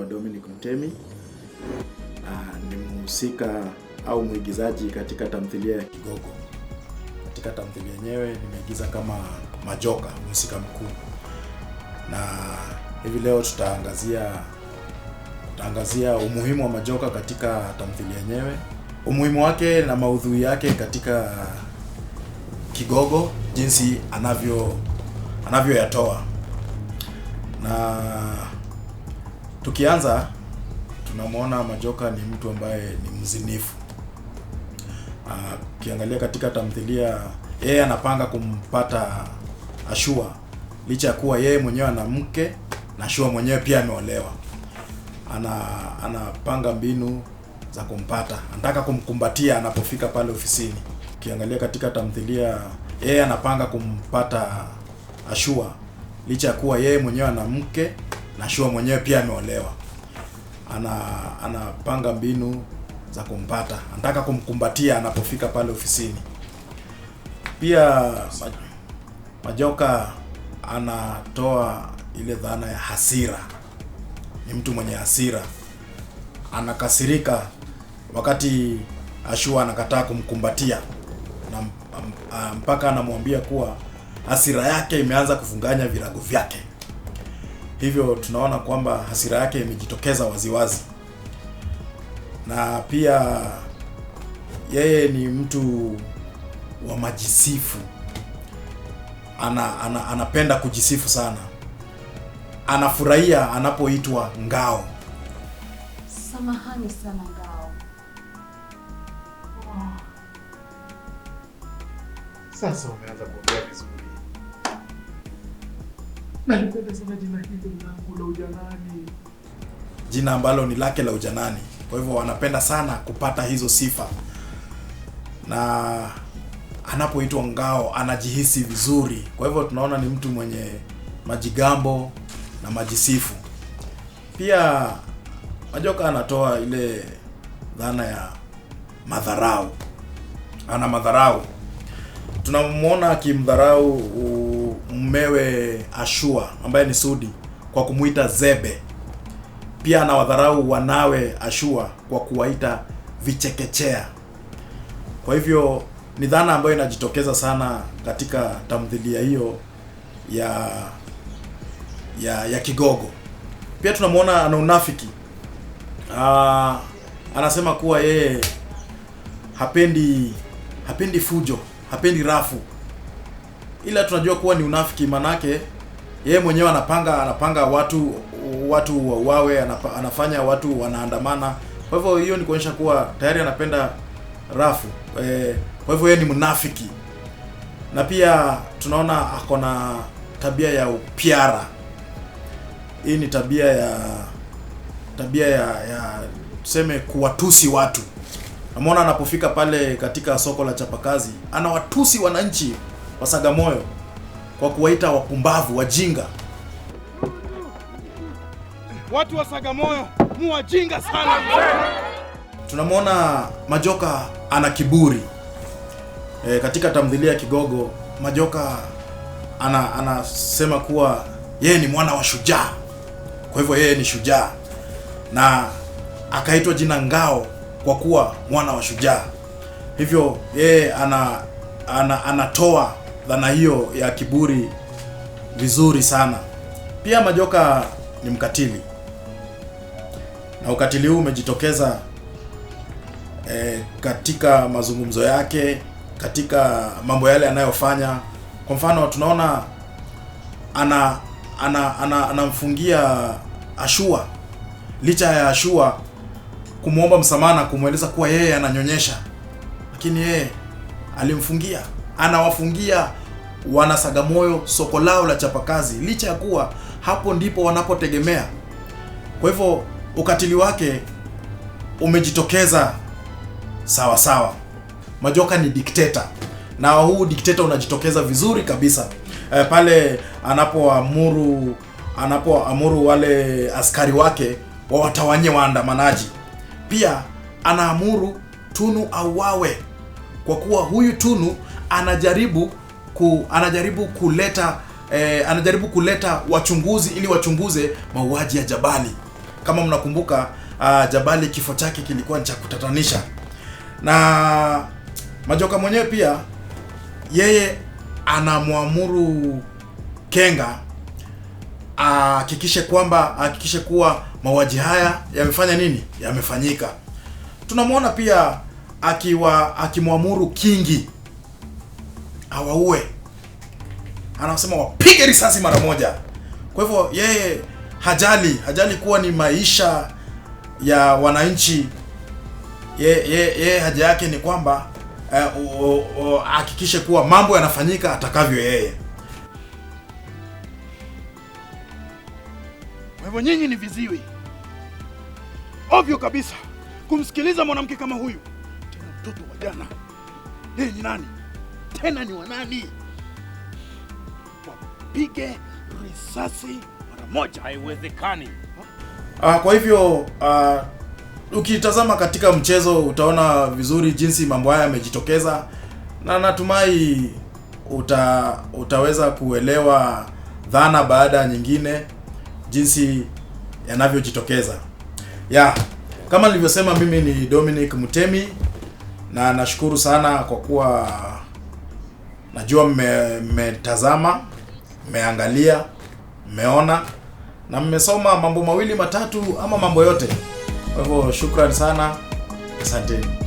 anaitwa Dominic Ntemi. Ni mhusika au mwigizaji katika tamthilia ya Kigogo. Katika tamthilia yenyewe nimeigiza kama Majoka, mhusika mkuu, na hivi leo tutaangazia tutaangazia umuhimu wa Majoka katika tamthilia yenyewe, umuhimu wake na maudhui yake katika Kigogo, jinsi anavyo anavyoyatoa na Tukianza tunamwona Majoka ni mtu ambaye ni mzinifu. Ah, ukiangalia katika tamthilia, yeye anapanga kumpata Ashua licha ya kuwa yeye mwenyewe ana mke na Ashua mwenyewe pia ameolewa. Ana anapanga mbinu za kumpata, anataka kumkumbatia anapofika pale ofisini. Ukiangalia katika tamthilia, yeye anapanga kumpata Ashua licha ya kuwa yeye mwenyewe ana mke na Shua mwenyewe pia ameolewa, ana anapanga mbinu za kumpata, anataka kumkumbatia anapofika pale ofisini. Pia Majoka anatoa ile dhana ya hasira, ni mtu mwenye hasira, anakasirika wakati Ashua anakataa kumkumbatia na mpaka anamwambia kuwa hasira yake imeanza kufunganya virago vyake hivyo tunaona kwamba hasira yake imejitokeza waziwazi, na pia yeye ni mtu wa majisifu. Ana, ana, anapenda kujisifu sana, anafurahia anapoitwa ngao. Samahani sana ngao. Sasa umeanza kuongea vizuri. Nalipenda jina hili langu la ujanani, jina ambalo ni lake la ujanani. Kwa hivyo wanapenda sana kupata hizo sifa, na anapoitwa Ngao anajihisi vizuri. Kwa hivyo tunaona ni mtu mwenye majigambo na majisifu pia. Majoka anatoa ile dhana ya madharau, ana madharau. Tunamwona akimdharau mmewe Ashua ambaye ni Sudi kwa kumuita Zebe. Pia anawadharau wanawe Ashua kwa kuwaita vichekechea. Kwa hivyo ni dhana ambayo inajitokeza sana katika tamthilia hiyo ya ya ya Kigogo. Pia tunamwona ana unafiki. Ah, anasema kuwa yeye hapendi hapendi fujo, hapendi rafu ila tunajua kuwa ni unafiki, manake yeye mwenyewe anapanga anapanga watu watu wawe anafanya watu wanaandamana. Kwa hivyo hiyo ni kuonyesha kuwa tayari anapenda rafu e, kwa hivyo yeye ni mnafiki, na pia tunaona ako na tabia ya upiara. Hii ni tabia ya tabia ya, ya tuseme kuwatusi watu. Namwona anapofika pale katika soko la chapakazi anawatusi wananchi. Wasagamoyo kwa kuwaita wapumbavu, wajinga. Watu wa Sagamoyo mu wajinga sana. Tunamwona Majoka ana kiburi e, katika tamthilia ya Kigogo Majoka ana anasema kuwa yeye ni mwana wa shujaa, kwa hivyo yeye ni shujaa na akaitwa jina Ngao kwa kuwa mwana wa shujaa, hivyo yeye ana, ana, anatoa dhana hiyo ya kiburi vizuri sana. Pia Majoka ni mkatili na ukatili huu umejitokeza e, katika mazungumzo yake, katika mambo yale anayofanya. Kwa mfano tunaona ana ana anamfungia ana Ashua licha ya Ashua kumwomba msamaha na kumweleza kuwa yeye ananyonyesha, lakini yeye alimfungia anawafungia Wanasagamoyo soko lao la chapakazi, licha ya kuwa hapo ndipo wanapotegemea. Kwa hivyo ukatili wake umejitokeza sawa sawa. Majoka ni dikteta na huu dikteta unajitokeza vizuri kabisa e, pale anapoamuru anapoamuru wale askari wake wawatawanye waandamanaji. Pia anaamuru Tunu auawe kwa kuwa huyu Tunu anajaribu ku, anajaribu kuleta eh, anajaribu kuleta wachunguzi ili wachunguze mauaji ya Jabali. Kama mnakumbuka uh, Jabali kifo chake kilikuwa ni cha kutatanisha, na Majoka mwenyewe pia yeye anamwamuru Kenga ahakikishe kwamba ahakikishe kuwa mauaji haya yamefanya nini, yamefanyika. Tunamwona pia akiwa akimwamuru Kingi awaue, anasema wapige risasi mara moja. Kwa hivyo yeye hajali, hajali kuwa ni maisha ya wananchi. Yeye ye, ye, haja yake ni kwamba eh, ahakikishe uh, uh, uh, kuwa mambo yanafanyika atakavyo yeye. Kwa hivyo nyinyi ni viziwi ovyo kabisa kumsikiliza mwanamke kama huyu, tena mtoto wa jana. Yeye ni nani? tena ni wanani? Wapige risasi mara moja, haiwezekani. Ah, kwa hivyo ah, ukitazama katika mchezo utaona vizuri jinsi mambo haya yamejitokeza, na natumai uta, utaweza kuelewa dhana baada ya nyingine jinsi yanavyojitokeza. Ya, kama nilivyosema mimi ni Dominic Mutemi na nashukuru sana kwa kuwa Najua mmetazama, mmeangalia, mmeona na mmesoma mambo mawili matatu ama mambo yote. Kwa hivyo shukrani sana, asanteni.